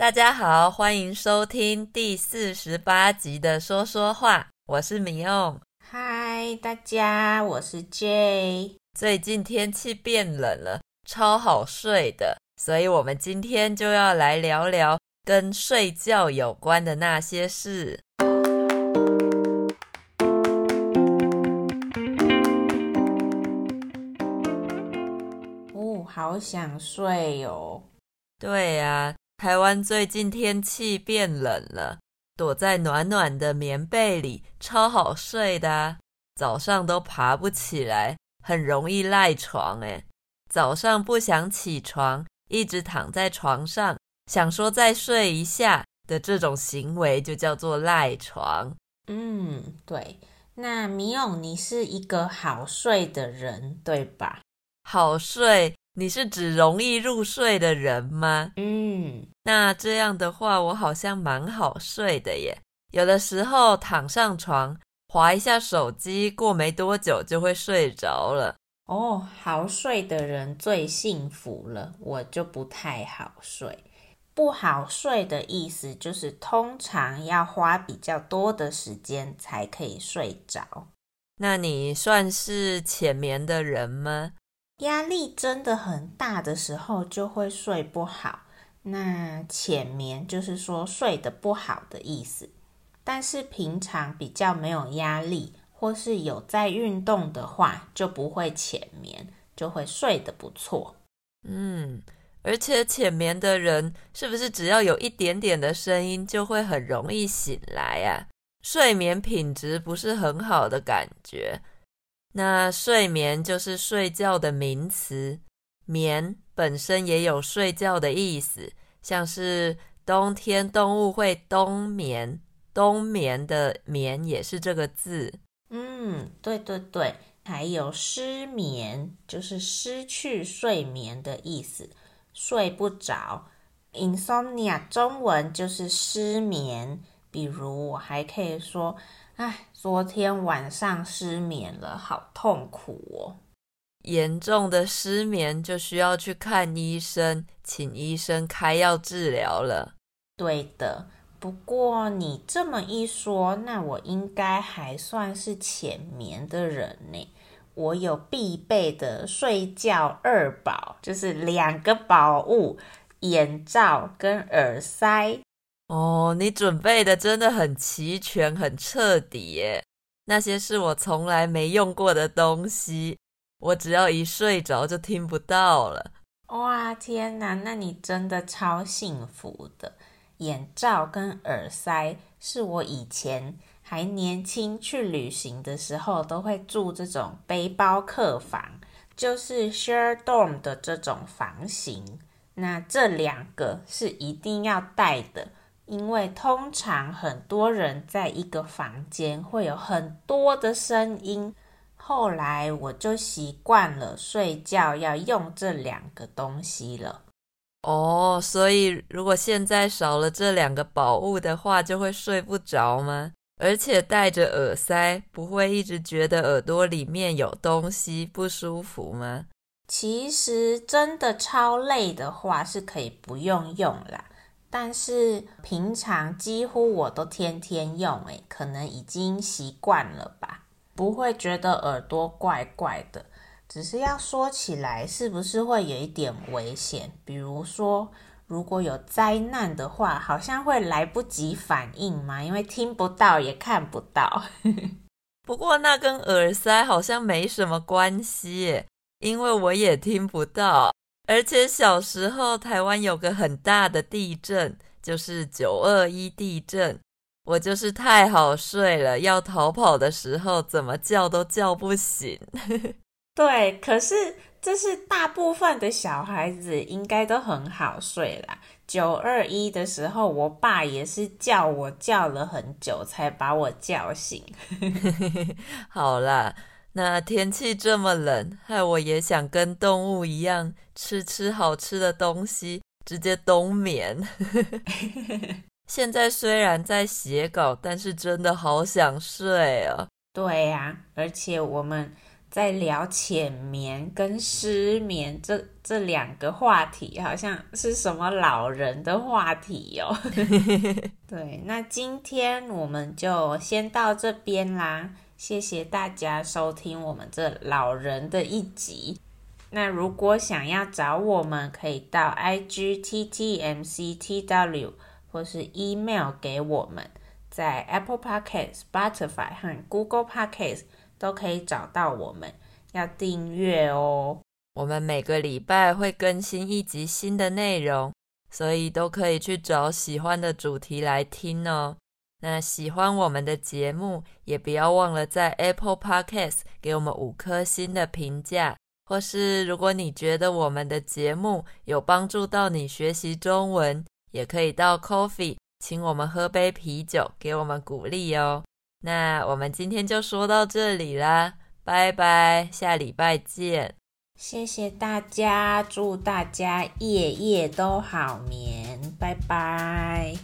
大家好，歡迎收聽第四十八集的說說話，我是 Mion。嗨，大家，我是 Jay。最近天氣變冷了，超好睡的，所以我們今天就要來聊聊跟睡覺有關的那些事。哦，好想睡哦。對呀、啊。台灣最近天氣變冷了，躲在暖暖的棉被裡超好睡的啊，早上都爬不起來，很容易賴床誒，早上不想起床，一直躺在床上想說再睡一下的這種行為就叫做賴床。嗯，對。那 Mion，你是一個好睡的人，對吧？好睡，你是指容易入睡的人嗎？嗯。嗯，那這樣的話，我好像蠻好睡的耶。有的時候躺上床，滑一下手機，過沒多久就會睡着了。哦，好睡的人最幸福了。我就不太好睡，不好睡的意思就是通常要花比較多的時間才可以睡着。那你算是淺眠的人嗎？壓力真的很大的時候就會睡不好。那淺眠就是說睡得不好的意思，但是平常比較沒有壓力，或是有在運動的話，就不會淺眠，就會睡得不錯。嗯，而且淺眠的人是不是只要有一點點的聲音就會很容易醒來呀？睡眠品質不是很好的感覺。那睡眠就是睡覺的名詞。眠本身也有睡覺的意思，像是冬天動物會冬眠，冬眠的眠也是這個字。嗯，對對對，還有失眠，就是失去睡眠的意思，睡不着。Insomnia 中文就是失眠。比如我還可以說，唉，昨天晚上失眠了，好痛苦哦。嚴重的失眠就需要去看醫生，請醫生開藥治療了。對的，不過你這麼一說，那我應該還算是淺眠的人呢。我有必備的睡覺二寶，就是兩個寶物：眼罩跟耳塞。哦，你準備的真的很齊全，很徹底耶。那些是我從來沒用過的東西。我只要一睡着就聽不到了。哇，天哪！那你真的超幸福的。眼罩跟耳塞是我以前還年輕去旅行的時候，都會住這種背包客房，就是 share dorm 的這種房型。那這兩個是一定要帶的，因為通常很多人在一個房間會有很多的聲音。後來我就習慣了睡覺要用這兩個東西了。哦，oh, 所以如果現在少了這兩個寶物的話，就會睡不着嗎？而且戴着耳塞，不會一直覺得耳朵裡面有東西不舒服嗎？其實真的超累的話是可以不用用啦，但是平常幾乎我都天天用，哎，可能已經習慣了吧。不會覺得耳朵怪怪的，只是要說起來，是不是會有一點危險？比如說，如果有災難的話，好像會來不及反應嘛，因為聽不到也看不到。 不過那跟耳塞好像沒什麼關係，因為我也聽不到。而且小時候台灣有個很大的地震，就是九二一地震。我就是太好睡了，要逃跑的時候怎麼叫都叫不醒。 對，可是這是大部分的小孩子應該都很好睡啦。九二一的時候，我爸也是叫我叫了很久才把我叫醒。 好啦，那天氣這麼冷，害我也想跟動物一樣吃吃好吃的東西，直接冬眠。 現在雖然在寫稿，但是真的好想睡啊！對呀、啊，而且我們在聊淺眠跟失眠這這兩個話題，好像是什麼老人的話題哦。 對，那今天我們就先到這邊啦，謝謝大家收聽我們這老人的一集。那如果想要找我們，可以到 IG TTMCTW。或是 email 給我們，在 Apple Podcast、Spotify 和 Google Podcast 都可以找到我們，要訂閱哦。我們每個禮拜會更新一集新的內容，所以都可以去找喜歡的主題來聽哦。那喜歡我們的節目，也不要忘了在 Apple Podcast 給我們五顆星的評價，或是如果你覺得我們的節目有幫助到你學習中文。也可以到 Ko-fi，請我們喝杯啤酒，給我們鼓勵哦。那我們今天就說到這裡啦，拜拜，下禮拜見。謝謝大家，祝大家夜夜都好眠，拜拜。